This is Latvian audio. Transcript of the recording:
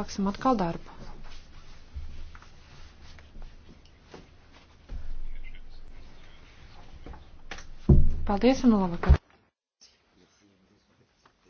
Sāksim atkal darbu. Paldies un labvakar!